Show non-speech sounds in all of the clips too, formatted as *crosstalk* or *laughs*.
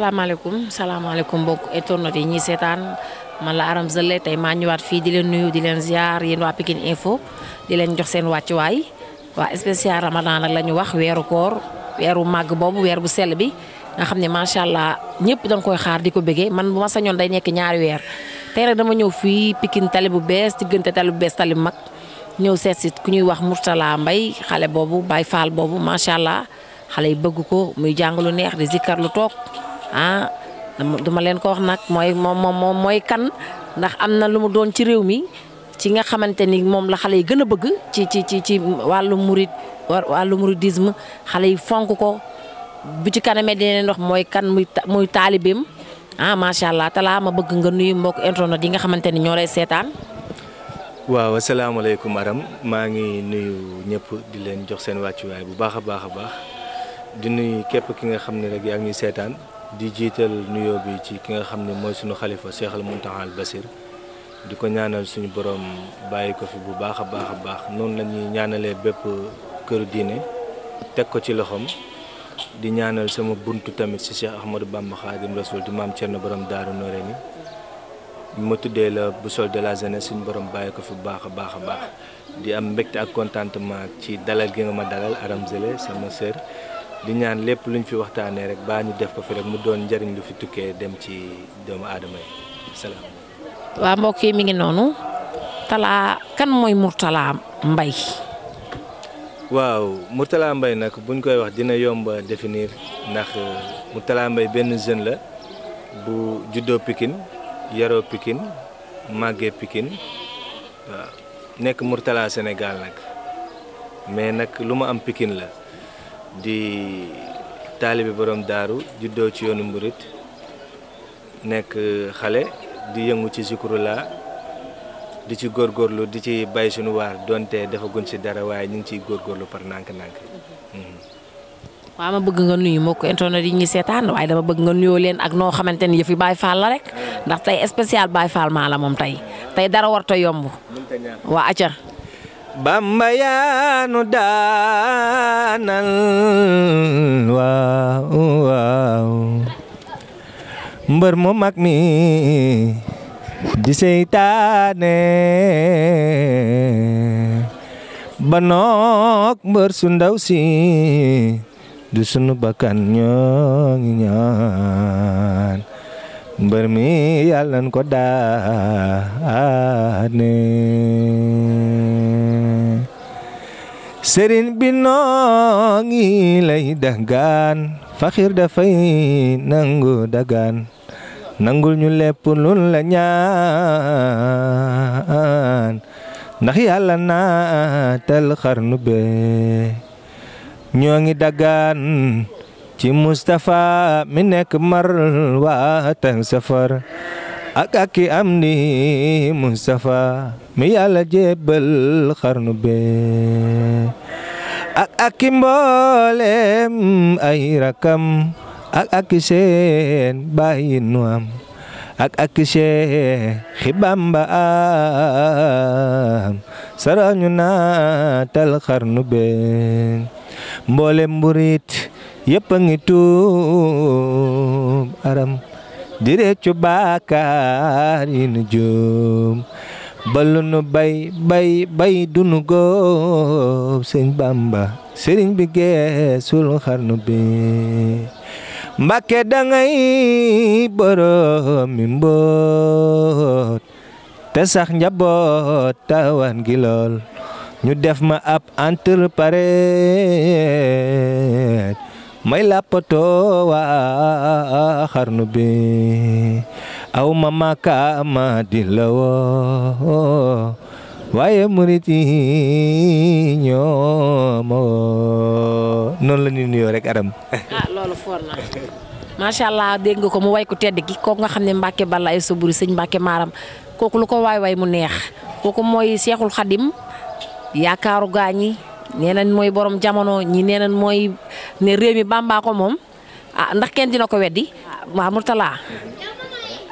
Assalamualaikum, assalamualaikum mbokk internet yi ñuy seetaan man la Arame Zele tey maa ñëwaat di leen nuyu di leen ziar yéen waa Pikine Info di leen jox seen wàccuwaay waa spécial Ramadan nag la ñu wax weeru koor weeru màgg boobu weer bu sell bi nga xam ne macha allah ñëpp koy xaar di ko man bu ma sañoon day nekk ñaari weer tey rek dama ñëw fii Pikine talib bu bees diggante tali bu bees tali bu mag ñëw seet si ku ñuy wax Fall allah bëgg ko muy jàng lu neex di zikkar lu ah duma leen ko wax nag mooy moom moom kan ndax am na lu mu doon ci réew mi ci nga xamante ni moom la xale yi bëgg ci ci ci ci wàllu murid wàllu muridisme xale yi fonk ko bu ci kanamee dineen wax mooy kan muy muy taalibeem ah macha allah ma bëgg nga nuyu mbokk internet yi nga xamante ni ñoo lay seetaan. waaw asalaamaaleykum aram maa ngi nuyu ñëpp di leen jox seen wàccuwaay bu baax a baax a baax di nuyu képp ki nga xam rek yaa ngi seetaan. di jiital nuyo bi ci ki nga xam ne mooy suñu xalifa Cheikh al Mountakha al Basir di ko ñaanal suñu boroom bàyyi ko fi bu baax a baax a baax noonu lañuy ñuy ñaanalee bépp kër diine teg ko ci loxoom di ñaanal sama buntu tamit si Cheikh Ahmadou Bamba Khadim Rasoul di maam na borom Daaru Noreyni ma tuddee la bu sol de la jeunesse suñu borom bàyyi ko fi bu baax a baax a baax di am mbégte ak contentement ci dalal gi nga ma dalal Aram Zele sama sœur di ñaan lépp luñ fi waxtaanee rek baa def ko fi rek mu doon njëriñ lu fi tukkee dem ci doomu aadama yi salaam waa mbokk mi ngi noonu tala kan mooy murtala mbay waaw murtala mbay nag buñ koy wax dina yomba définir nak euh, murtala mbay benn jeune la bu juddoo pikin yaro pikin màggee pikin waaw nekk murtala sénégal nag mais nag lu am pikin la di taalibe boroom daaru juddoo ci yoonu mburit nekk xale di yëngu ci la di ci góor góorlu di ci bay suñu waar donte dafa gun si dara waaye ñu ngi ciy góorgóorlu par nànk-nànk. Mhm. waaw ma bëgg nga nuyu mbokk internet di ñu seetaan waaye dama bëgg nga nuyoo leen ak noo xamante ni yëfi Baye Fall la rek ndax tey spécial Baye Fall maa la moom tey tey dara warta yomb waa aca Bambayan danal wow, wow. Bermemak mi di seitane Benok bersundau si Dusun bakannya nyonginyan mbër mi yàlla ko daane sëriñ bi noo ngi lay dagaan faxiir dafay nangu dagaan nangul ñu lépp luñ la ñaan ndax yàlla xarnu be ñoo ngi dagaan ci Mustapha mi nekk mar waa tan safar ak ak am ni Mustapha mi yàlla jébbal xarnu bee ak ak ki mboolem ay rakam ak ak seen bàyyi nu ak ak seen xibamba am sarañu naatal xarnu bee mboolem burit Ya a aram di coba baakaar yi nu bay bay bay du nu Bamba sering bi geesul xarnu bi Mbàkke dangay borom mi mboot te tawan gi lool def ma paret may lappato wa xarnu bi aw ma maka ma di lawo waaye murit yi ñoomo noonu la ñuy nuyoo rek aram ah loolu foor na macha allah dégg nga ko mu way ko tedd gi kooku nga xam Mbacke Balla ay soburi sëñ Mbacke Maram kooku lu ko waay waay mu neex kooku mooy Seexul Xadim yaakaaru gaañi nee nañ mooy borom jamono ñii nee nañ mooy ne réew mi Bàmbaa ko moom ah ndax kenn dina ko weddi waaw Mourtala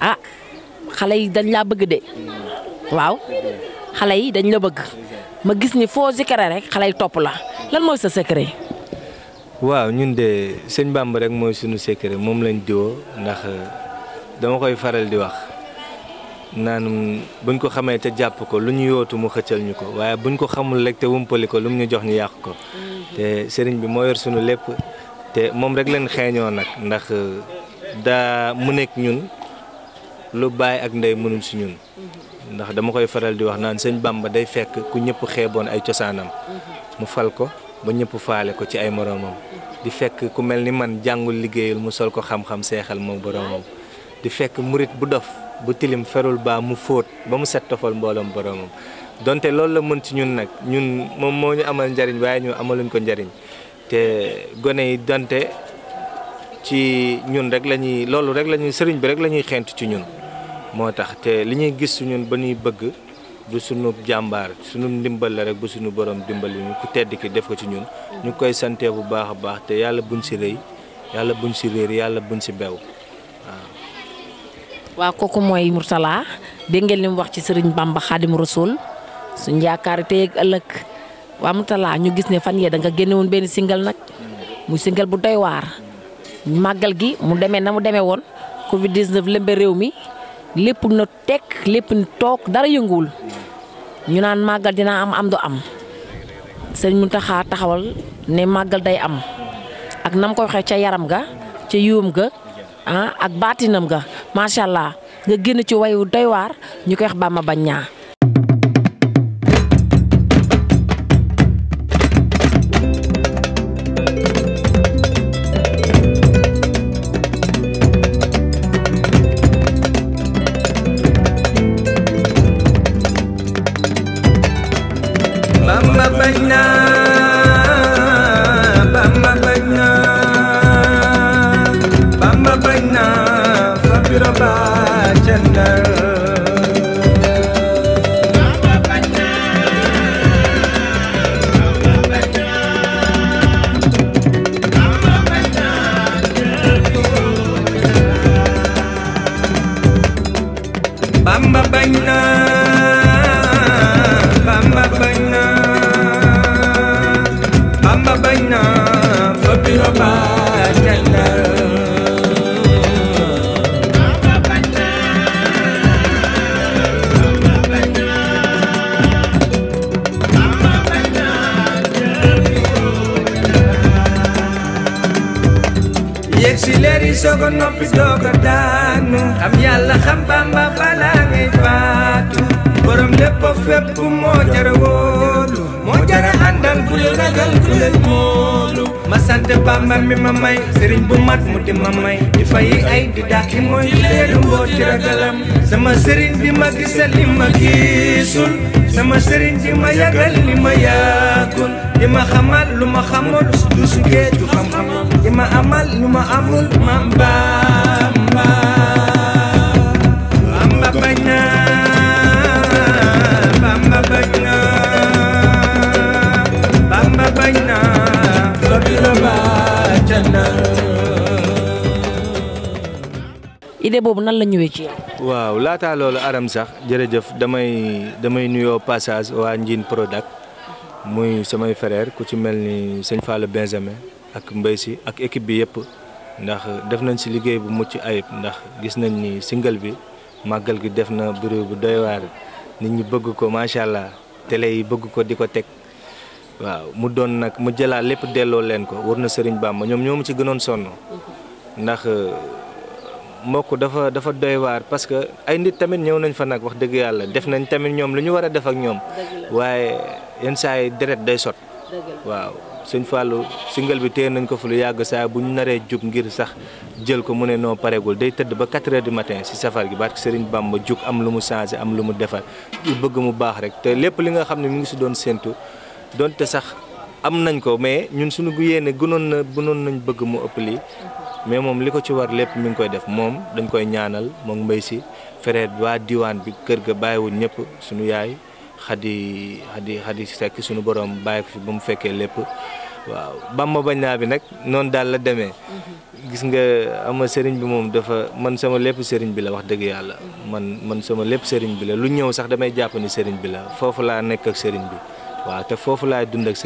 ah xale yi dañ la bëgg de waaw xale yi dañ la bëgg ma gis ni foo zikare rek xale yi topp la lan mooy sa secret. waaw ñun de sëñ Bàmba rek mooy sunu secret moom lañ diwoo ndax dama koy faral di wax. naan buñ ko xamee te jàpp ko lu ñu yootu mu xëccal ñu ko waaye buñ ko xamul rek te wumpali ko lu mu ñu jox ñu yàq ko mm-hmm. te sëriñ bi moo yor suñu lépp te moom rek leen xeeñoo nag ndax euh, daa mu nekk ñun lu bàyyi ak ndey mënul si ñun mm-hmm. ndax dama koy faral di wax naan sëñ Bamba day fekk ku ñëpp xeeboon ay cosaanam mm-hmm. mu fal ko ba ñëpp faale ko ci ay moroomam di fekk ku mel ni man jàngul liggéeyul mu sol ko xam-xam seexal moom boroomam di fekk murit bu dof bu tilim ferul baa mu fóot ba mu set tofal mbooloom boroomam donte loolu la mën ci ñun nag ñun moom moo ñu amal njariñ waaye ñu amaluñ ko njariñ te gone yi donte ci ñun rek la ñuy loolu rek lañuy sëriñ bi rek lañuy ñuy ci ñun moo tax te li ñuy gis ci ñun ba ñuy bëgg du suñu jàmbaar suñu ndimbal la rek bu sunu borom dimbali ñu ku tedd ki def ko ci ñun ñu koy santee bu baax a baax te yàlla buñ si rëy yàlla buñ si réer yàlla buñ si bew waaw kooku mooy Mourtala dégg ngeen li mu wax ci Serigne Bamba Khadim Rasoul suñu yaakaar tey ak ëllëg waaw Mourtala ñu gis ne fan yee da génnewul benn singal nag muy singal bu doy waar màggal gi mu demee na mu demee woon Covid 19 lëmbe réew mi lépp na tekk lépp na toog dara yënguwul ñu naan màggal dina am am du am Serigne Mountakha taxawal ne màggal day am ak nam ko waxee ca yaram ga ca yuum ga ah ak baatinam ga. macha allah nga génn ci wayu doy waar ñu koy wax ba Baññaa ma may sëriñ bu mat mu di ma may di ay di dàkki mooy leeru mbooti ragalam sama sëriñ bi ma gisal li sama sëriñ bi ma yagal li ma yaakul di ma xamal lu ma xamul du sugee du xam-xam di amal lu amul ma mbaam mbaam mbaam idée boobu nan la ñëwee ci waaw laataa loolu aram sax jërëjëf damay damay nuyoo passage waa Njiin Prodac muy samay frère ku ci mel ni sëñ Fallou Benjamin ak Mbaye si ak équipe bi yëpp ndax def nañ si liggéey bu mucc ayib ndax gis nañ ni single bi màggal gi def na bëriw bu doy waar nit ñi bëgg ko macha allah télé yi bëgg ko di ko teg. waaw mu doon nag mu jëlaat lépp delloo leen ko war na Serigne Bamba ñoom ñoo mu ci gënoon sonn ndax mbokk dafa dafa doy waar parce que ay nit tamit ñëw nañ fa nag wax dëgg yàlla def nañ tamit ñoom lu ñu war a def ak ñoom. waaye yenn saa yi deret day sot. waaw suñ fàllu singal bi téye nañ ko fu lu yàgg saa bu ñu naree jub ngir sax jël ko mu ne noo pareegul day tëdd ba 4 heures du matin si safar gi barke Serigne Bamba jug am lu mu changé am lu mu defar lu bëgg mu baax rek te lépp li nga xam ne mu ngi si doon séntu donte sax am nañ ko mais ñun suñu yéene gënoon na gënoon nañ bëgg mu ëpp lii mhm. mais moom li ko ci war lépp mi ngi def mom dañ koy ñaanal moom mbay si frère waa diwan bi kër ga bàyyiwul ñëpp suñu yaay xadi xadi xadi sekk suñu borom bàyyi ko fi ba mu fekkee lépp waaw bamba bañ naa bi nag noonu daal la demee gis nga ama bi dafa man sama lépp sëriñ bi la wax dëgg man man sama lépp sëriñ bi la lu ñëw sax damay jàpp ni sëriñ bi la foofu laa nekk ak sëriñ bi waaw te dund ak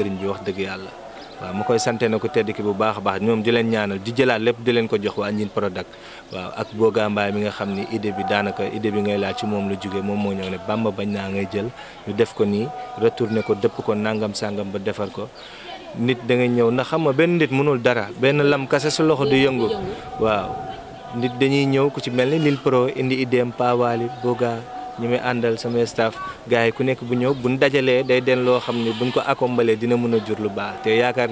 bi wax waaw mu koy sante na ko tedd ki bu baax a baax ñoom di leen ñaanal di jëlaat lépp di leen ko jox waa ñin Prodac waaw ak Boga Mbaye mi nga xam ni idée bi daanaka idée bi ngay laaj ci moom la jógee moom moo ñëw ne Bamba bañ naa ngay jël ñu def ko nii retourné ko dëpp ko nangam sangam ba defar ko nit da ngay ñëw ndax xam nga benn nit mënul dara benn lam kase sa loxo du yëngu waaw nit dañuy ñëw ku ci mel ni Lil Pro indi idéem Pawali Boga ñi andal sama staff gars yi ku bunda bu ñëw buñ dajalee day den loo xam buñ ko accombale dina mën jur lu baax te yaakaar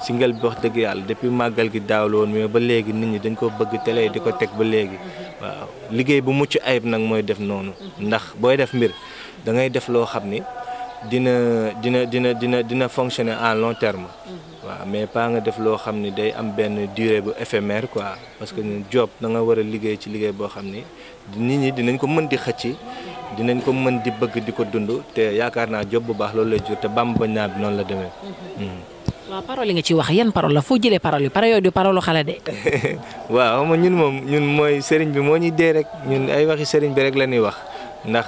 single bi wax dëgg yàlla depuis màggal gi daaw la woon mais ba léegi nit ñi dañ ko bëgg télé di ko teg ba léegi waaw liggéey bu mucc ayib nag mooy def noonu ndax booy def mbir da ngay def ni dina dina dina dina dina fonctionner à long terme waaw mais pas nga def loo xam ni day am benn durée bu éphémère quoi parce que job da nga war a liggéey ci liggéey boo xam ni nit ñi dinañ ko mën di xëcc dinañ ko mën di bëgg di ko dund te yaakaar naa job bu baax loolu lay jur te bàmb bañ naa bi noonu la demee. Mm-hmm. Mm. waaw parole yi nga ci wax yan parole la foo jëlee parole yi pare yooyu du parole xale de. *laughs* waaw xam ñun moom ñun mooy sëriñ bi moo ñuy dee rek ñun ay waxi sëriñ bi rek la ñuy wax ndax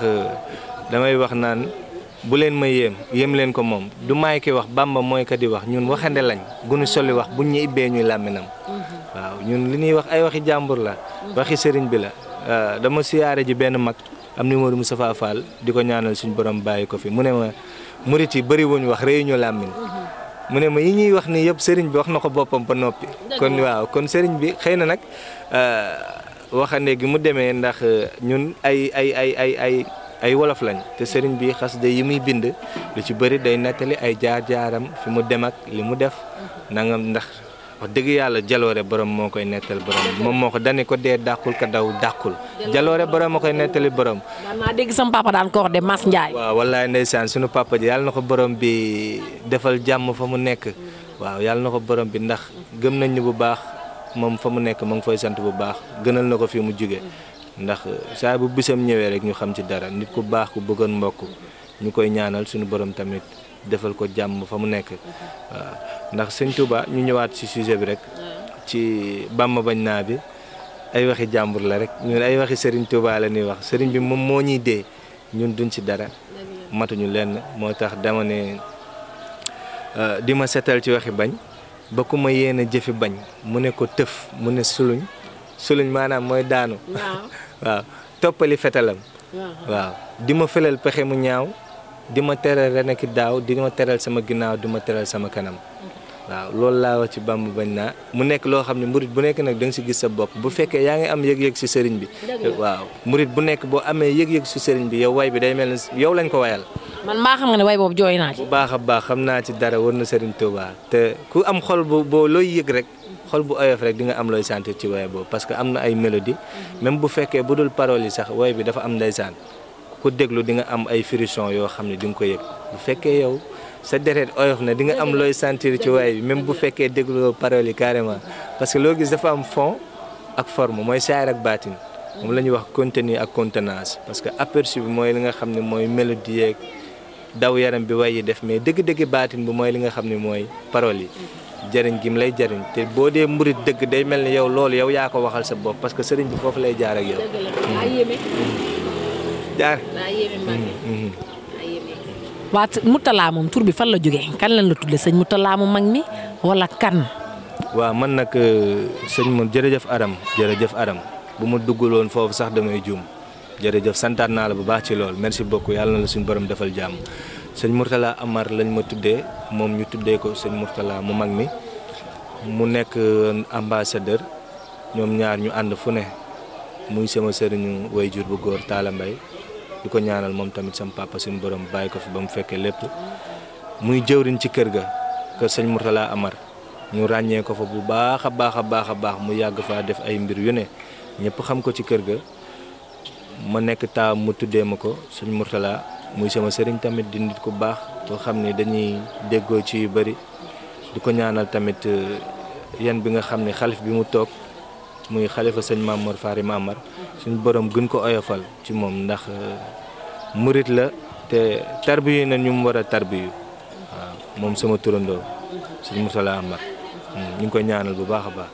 damay wax naan. bu leen ma yéem yéem leen ko moom du maay ki wax bàmba mooy ka di wax ñun waxande lañ gunu soli wax buñ ñu ibbee ñuy làmminam mhm. waaw ñun li ñuy wax ay waxi jàmbur la mhm. waxi sëriñ bi la euh, dama siyaare ji benn mag am numéro Moustapha Fall di ko ñaanal suñu borom bàyyi ko fi mu ne ma murit yi bëri wax réyu ñu làmmin mhm. mu ne ma yi ñuy wax ni yëpp sëriñ bi wax na ko boppam ba noppi kon waaw kon sëriñ bi xëy na nag euh, waxande gi mu demee ndax euh, ñun ay ay ay ay ay ay wolof lañ te sëriñ bi xasida yi muy bind lu ci bëri day nettali ay jaar-jaaram fi mu dem ak li mu def nangam ndax wax dëgg yàlla jaloore borom moo koy nettali borom moom moo ko dani ko dee dàqul ka daw dàqul jaloore borom moo koy nettali borom. maa dégg sama papa daan ko wax de Mas Ndiaye. waaw wallaay ndeysaan sunu papa ji yàlla na ko borom bi defal jàmm fa mu nekk waaw yàlla na ko borom bi ndax gëm nañ ni bu baax moom fa mu nekk mu ngi fay sant bu baax gënal na ko fi mu jóge ndax saa bu bisam ñëwee rek ñu xam ci dara nit ku baax ku bëggoon mbokk ñu koy ñaanal suñu borom tamit defal ko jàmm fa mu nekk waaw ndax sëñ Touba ñu ñëwaat ci sujet bi rek ci bàmm bañ naa bi ay waxi jàmbur la rek ñun ay waxi sëriñ Touba la ñuy wax sëriñ bi moom moo ñuy dee ñun duñ ci dara matuñu lenn moo tax dama ne euh, di ma setal ci waxi bañ bokkuma ku yéen a jëfi bañ mu ne ko tëf mu ne suluñ suluñ maanaam mooy daanu. waaw *laughs* toppali fetalam. waaw di ma fëlal pexe mu ñaaw di ma teral ren ak daaw di ma teral sama ginnaaw di ma teral sama kanam. waaw loolu laa wax ci bamb bañ naa mu nekk loo xam ne murit bu nekk nag da nga si gis sa bopp bu fekkee yaa ngi am yëg-yëg si sëriñ bi. waaw murit bu nekk boo amee yëg-yëg si sëriñ bi yow way bi day mel ni yow lañ ko wayal. man maa xam nga ne way boobu jooy naa bu baax a baax xam naa ci dara war na sëriñ Touba ku am xol bu boo rek. xol bu oyof rek di nga am looy sentir ci woy boobu parce que am na ay mélodie mhm. même bu fekkee bu dul paroles yi sax woy bi dafa am ndeysaan ku déglu di nga am ay frisson yoo xam ne di nga ko yëg bu fekkee yow sa deret oyof na di nga am looy sentir ci woy bi même bu fekkee déglu paroles yi carrément parce que loo gis dafa am fond ak forme mooy saar ak baatin moom la ñuy wax contenu ak contenance parce que aperçu bi mooy li nga xam ne mooy mélodie yeeg daw yaram bi way yi def mais dëgg baatin bi mooy li nga xam ne mooy paroles yi mhm. jëriñ gim lay jariñ te boo dee murit dëgg day mel ni yow loolu yow yaa ko waxal sa bopp parce que sëriñ bi foofu lay jaar ak yow. jaar mm-hmm. mm-hmm. waa Mourtalla moom tur bi fan la jógee kan lañ la tuddee sëñ Mourtalla mu mag mi wala kan. waaw man nag euh, sëñ moom jërëjëf Adam jërëjëf Adam bu mu dugg duggaloon foofu sax damay juum jërëjëf santaat naa la bu baax ci lool merci beaucoup yàlla na la suñu borom defal jàmm. sëñ Mourtala Amar lañ ma tuddee moom ñu tuddee ko sëñ Mourtala mu mag mi mu nekk euh, ambassadeur ñoom ñaar ñu ànd fu ne muy sama sëriñu jur bu góor Talla Mbaye di ko ñaanal moom tamit sama papa suñu borom bàyyi ko fi ba mu fekkee lépp muy jëwriñ ci kër ga kër sëñ Mourtala Amar ñu ràññee ko fa bu baax a baax a baax a baax mu yàgg faa def ay mbir yu ne ñëpp xam ko ci kër ga ma nekk taa mu tuddee ma ko sëñ Mourtala muy sama sëriñ tamit di nit ku baax koo xam ne dañuy déggoo ci yu bëri di ñaanal tamit eh, yan bi nga xam ne xalif bi mu toog muy xalifa sëñ Mamor Fari Mamar suñu borom gën ko oyofal ci moom ndax eh, murit la te tarbiyu na ñu mu war a tarbiyu waaw moom sama turandoo sëñ Moussala Amar mm, ñu ngi koy ñaanal bu baax baax.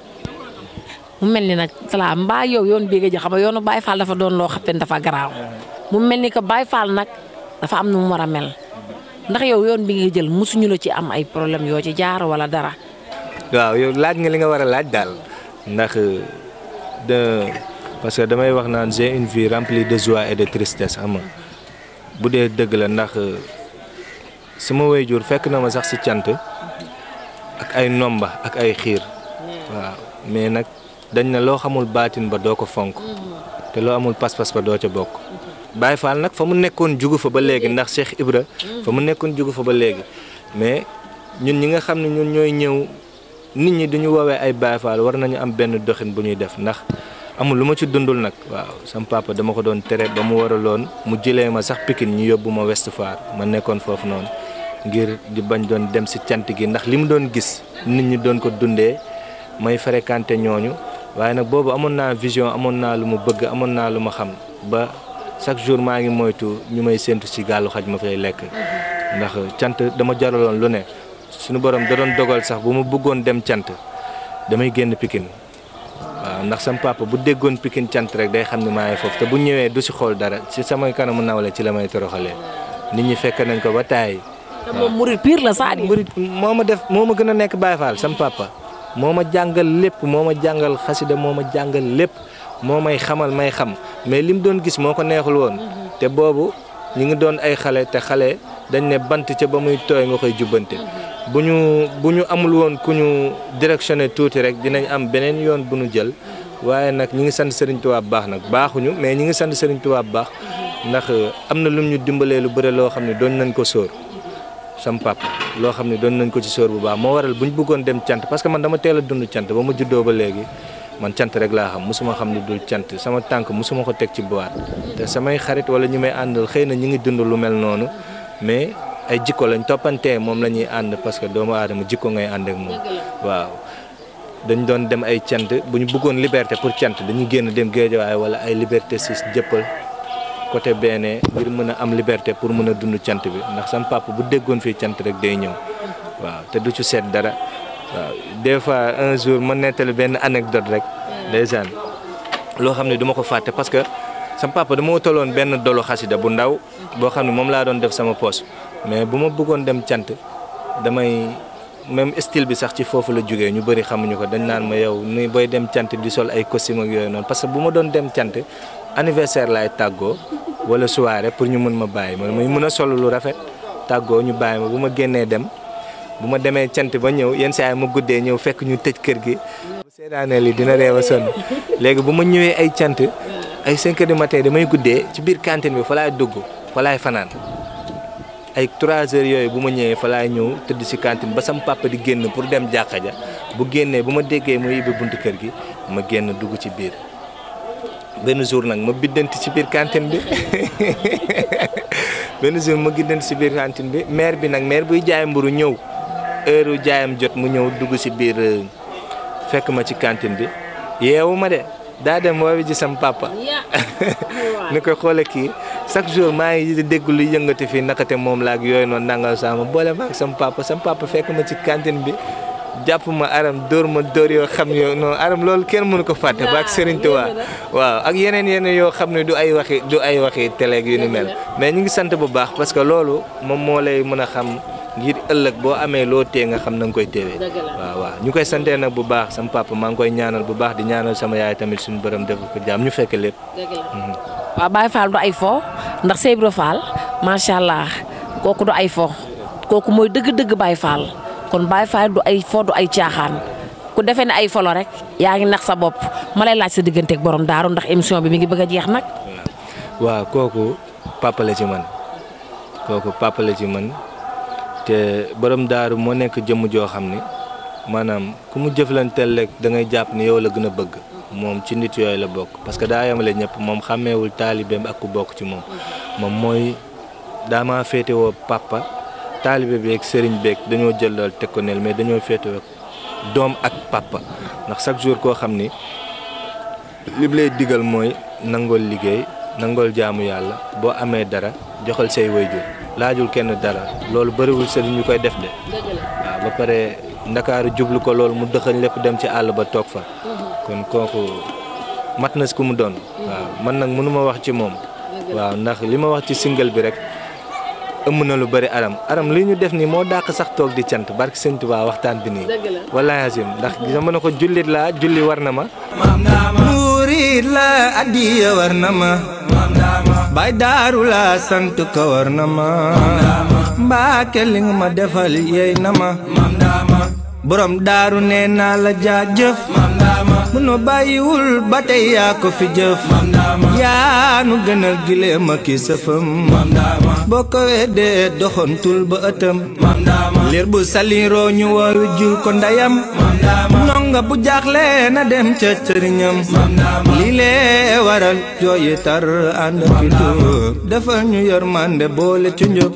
mu mel ni nag Talla mbaa yow yoon bii nga ji xam yoonu Baye Fall dafa doon loo dafa *laughs* mu ni Baye Fall nak dafa am na mu war a mel ndax yow yoon bi nga jël mosuñu la ci am ay problème yoo ci jaaro wala dara. waaw yow laaj nga li nga war a laaj daal ndax euh, de parce que damay wax naan j'ai une vie remplie de joie et de tristesse ama bu dee dëgg la ndax euh, sama waajur fekk na ma sax ci cant ak ay nomba ak ay xiir waaw mais nag dañ na loo xamul baatin ba doo ko fonk mm-hmm. te loo amul pas-pas ba doo ca bokk. Baye Fall nag fa mu nekkoon jugu fa ba léegi ndax Cheikh Ibra fa mu nekkoon jugu fa ba léegi mais ñun ñi nga xam ne ñun ñooy ñëw nit ñi duñu woowee ay Baye Fall war nañu am benn doxin bu ñuy def ndax amul lu ma ci dundul nag waaw sama papa dama ko doon tere ba mu waraloon mu jëlee ma sax Pikine ñu yóbbu ma Ouest ma nekkoon foofu noonu ngir di bañ doon dem si cant gi ndax li mu doon gis nit ñi doon ko dundee may fréquenté ñooñu waaye nag boobu amoon naa vision amoon naa lu mu bëgg amoon naa lu ma xam ba chaque jour maa ngi moytu ñu may séentu ci gaalu xaj ma fay lekk ndax cant dama jaraloon lu ne suñu borom da doon dogal sax bu ma bëggoon dem cant damay génn Pikine waaw ndax sama papa bu déggoon Pikine cant rek day xam ne maa ngi foofu te bu ñëwee du si xool dara ci samay kanamu nawle ci la may toroxalee nit ñi fekk nañ ko ba taay. te moom murid pire la Sadio. moo ma def moo ma gën a nekk Baye Fall sama papa moo ma jàngal lépp moo ma jàngal xasida moo ma jàngal lépp. moo may xamal may xam mais li mu doon gis moo ko neexul woon te boobu ñu ngi doon ay xale te xale dañ ne bant ca ba muy tooy nga koy jubbante bu ñu bu ñu amul woon ku ñu directionné tuuti rek dinañ am beneen yoon bu nu jël waaye nag ñi ngi sant Serigne tuwaa bu baax nag baaxuñu mais ñi ngi sant sëriñ tuwaa bu baax ndax euh, am na lu ñu dimbalee lu bare loo xam ne doon nañ ko sóor sam papa loo xam ne doon nañ ko ci sóor bu baax moo waral bu ñu bëggoon dem cant parce que man dama teel a dund cant ma juddoo ba léegi man cant rek laa xam mosuma xam ne dul cant sama tànk mosuma ko teg ci baat te samay xarit wala ñu may àndal xëy na ñu ngi dund lu mel noonu mais ay jikko lañ toppantee moom la ñuy ànd parce que doomu aadama jikko ngay ànd ak moom waaw dañ doon dem ay cant bu ñu buggoon liberté pour cant dañuy génn dem géejawaay wala ay liberté si jëppal côté beenee ngir mën a am liberté pour mën a dund cant bi ndax sama papa bu déggoon fii cant rek day ñëw waaw du ci seet dara waaw des fois un jour ma nettali benn anecdote rek. ndeysaan loo xam ne du ko fàtte parce que sama papa dama toloon benn dolu xasida bu ndaw boo xam ne moom laa doon def sama poche mais bu ma bëggoon dem cant damay même style bi sax ci foofu la jógee ñu bëri xamuñu ko dañ naan ma yow ni booy dem cant di sol ay costume ak yooyu noonu parce que bu ma doon dem cant anniversaire laay tàggoo wala soirée pour ñu mën ma bàyyi ma may mën a sol lu rafet tàggoo ñu bàyyi ma bu ma génnee dem. bu ma demee cant ba ñëw yenn saa yi ma guddee ñëw fekk ñu tëj kër gi. bu seetaanee dina reew a sonn léegi bu ma ñëwee ay cant ay 5 heures du matin damay guddee ci biir cantine bi fa dugg fa fanaan ay 3 heures yooyu bu ma ñëwee fa laay ñëw tëdd si cantine ba sam papa di génn pour dem jàkka ja bu génnee bu ma déggee mu yibbi kër gi ma génn dugg ci biir. benn jour nag ma biddanti ci biir cantine bi *laughs* benn jour ma biddanti ci biir cantine bi maire bi nag maire buy jaay mburu ñëw. heure jaayam jot mu ñëw dugg si biir euh, fekk ma ci cantine bi yeewu ma de daa dem woowi ji sam papa *laughs* ni ko xoole kii chaque jour maa ngi dégg lu yëngati fii nakate moom laak yooyu noonu nangal sama boole maag sam papa sam papa fekk ma ci cantine bi jàpp ma aram dóor ma dóor yoo xam yoo noonu aram loolu kenn mënu ko fàtte ba ak Serigne Touba waaw ak yeneen yeneen yoo xam ne du ay waxi du ay waxi télé yu ni mel mais ñu ngi sant bu baax parce que loolu moom moo lay mën a xam ngir ëllëg boo amee loo tee nga xam na nga koy teewee waaw waaw ñu koy santee nag bu baax sama papa maa ngi koy ñaanal bu baax di ñaanal sama yaay tamit suñu borom def ko jaam ñu fekk lépp mhm. waaw Baye Fall du ay fo ndax Seybro Fall macha allah kooku du ay fo kooku mooy dëgg-dëgg Baye Fall kon Baye Fall du ay fo du ay caaxaan ku defee ne ay folo rek yaa ngi nax sa bopp ma lay laaj sa digganteeg borom daaru ndax émission bi mi ngi bëgg jeex nag. waaw kooku papa la ci man kooku papa la ci man te borom daaru moo nekk jëmm joo xam ni maanaam ku mu jëflanteel rek da ngay jàpp ni yow la gën a bëgg moom ci nit yooyu la bokk parce que daa yemale ñëpp moom xàmmeewul taalibeem ak ku bokk ci moom moom mooy daamaa féetewoo papa taalibe beeg sëriñ beeg dañoo jël lool te ko neel mais dañoo féetewoo doom ak papa ndax chaque jour koo xam ni li lay digal mooy nangool liggéey nangool jaamu yàlla boo amee dara joxal say wayjur Laju kenn dara loolu bëriwul sëriñ ñu koy def de ba pare ndakaaru jublu ko loolu mu dëxañ lépp dem ci àll ba toog fa mhm. kon kooku mat ku mu mhm. man mënuma wax ci waaw wax ci single bi rek ëmm na lu bari aram aram li ñu def ni moo dàq sax toog di cant barke sëñ Tuubaa waxtaan bi nii wallahi azim ndax dama ne ko jullit laa julli la bay daaru sant ko war na ma mbaake li nga ma defal yey na ma borom daaru nee naa la jaajëf bu nu bàyyiwul ba tey yaa ko fi jëf yaa nu gënal gileem ak i boo ko weddee doxantul ba ëttam liir bu saliroo ñu waru jul ko ndeyam nga bu jaaxle na dem ca sëriñam lii lee waral jooyi tar ànd fi tuub defal ñu yërmande boole ci njub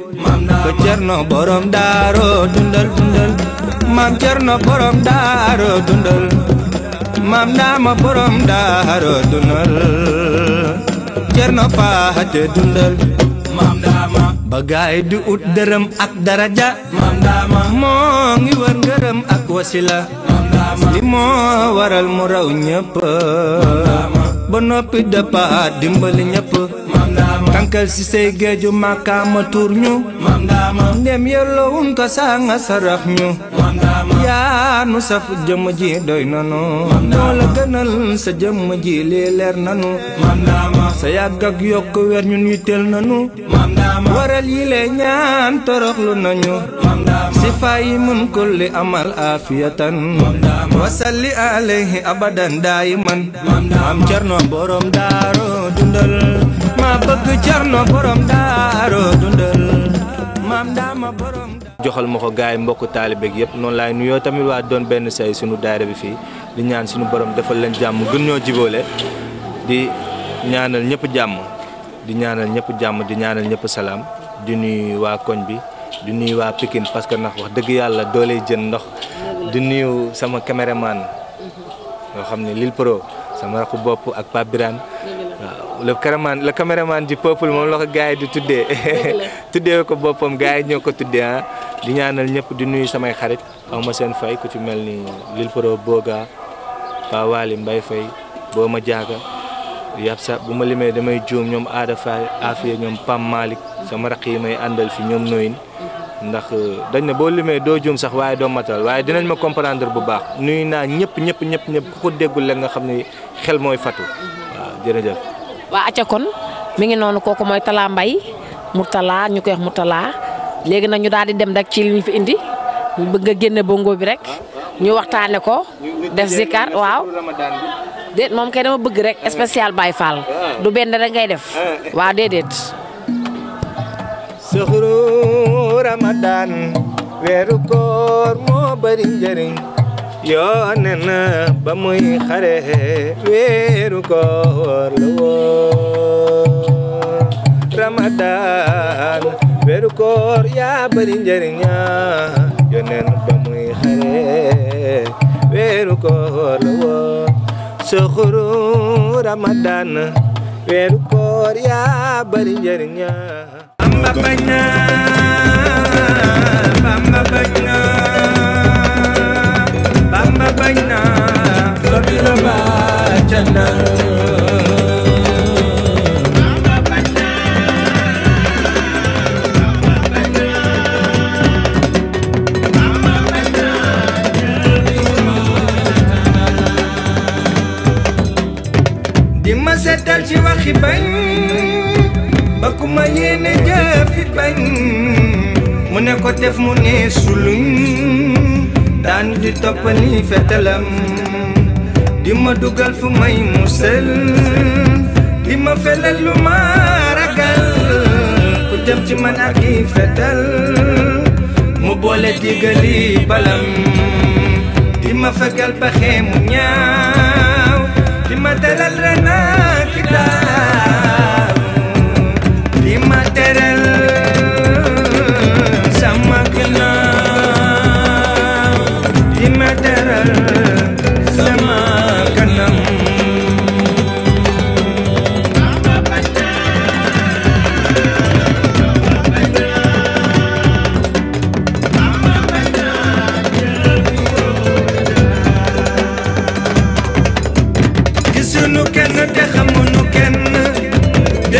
ko cerno borom daaro dundal dundal maam cerno borom daaro dundal maam daama faate dundal Bagai duut derem ak daraja mandama Mong iwan gerem ak wasila Mamdama Limo waral murau nyepe Bono pidapat dimbali nyepe ankal si say géeju a tur ñu mam daama ko saa nga sarax ñu yaa nu saf jëmm ji doy nanu moo la gënal sa jëmm ji lii leer nanu mam daama sa yàgg ak yokk weer ñun yitteel nanu waral yi lee ñaan toroxlu nañu mam daama si faayi mun kulli amal aafiyatan wasalli alayhi abadan daayiman mam cerno borom daaro dundal ma joxal ma ko gaay mbokk taalibeeg yëpp noonu laay nuyoo tamit waa doon benn say suñu daayira bi fii di ñaan suñu borom defal leen jàmm gun ñoo jiboole di ñaanal ñëpp jàmm di ñaanal ñëpp jàmm di ñaanal ñëpp salaam di nuyu waa koñ bi di nuyu waa Pikine parce que ndax wax dëgg yàlla dooley jën ndox di nuyu sama caméraman yoo xam ne Lil Pro sama rakku bopp ak Pape le caméraman le caméraman du peuple moom la ko gars yi di tuddee. *laughs* tuddee ko boppam gars yi ñoo ko tuddee ah. di ñaanal ñëpp di nuyu samay xarit aw ma seen fay ku ci mel ni Lil Pro Boga Pa Mbay Fay boo ma jaaga yab sa bu ma limee damay juum ñoom aada fay afiya ñoom Pam Malick sama raq yi may àndal fi ñoom nooyin mm-hmm. ndax euh, dañ na boo limee doo juum sax waaye doo matal waaye dinañ ma comprendre bu baax nuyu naa ñëpp ñëpp ñëpp ñëpp ku ko déggul la nga xam ni xel mooy fatu mm-hmm. waaw waa acca kon mi ngi noonu kooku mooy Talla Mbaye Mourtala ñu koy wax Mourtala léegi nag ñu daal di dem rek ci li ñu fi indi ñu bëgg a génne bongo bi rek ñu waxtaane ko def zikar waaw déet moom kay dama bëgg rek spécial bay Fall du benn rek ngay def waaw déedéet suxru ramadan weeru koor moo bari yoonen ba muy xare weeru koor la woon ramadan weeru koor yaa bari njëriña ba muy xare weeru koor la woon soxuru ramadan weeru koor yaa bari njëriña bamba bañ bañ naa sabila ba jannah seetal ci waxi bañ ba ku ma yéene jëfi bañ mu ne ko def mu ne suluñ daan di ma dugal fu may musal di ma felal lu ma ragal ku jëm ci man ak i mu boole digali balam di ma fegal pexe mu ñaaw di ma dalal rana ki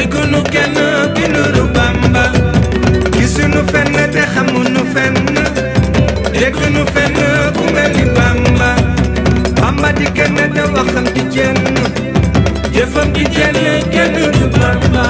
déggunu kenn ki nuru Bamba gisuñu fenn te xamuñu fenn déggunu fenn ku mel Bamba Bamba di kenn te waxam di jenn jëfam di jenn kenn Bamba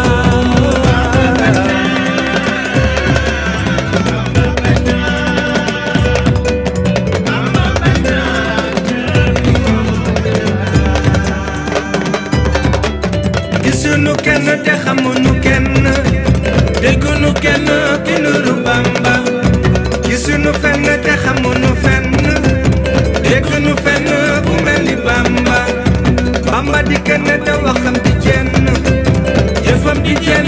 جنة وخم بجنة يفهم بجنة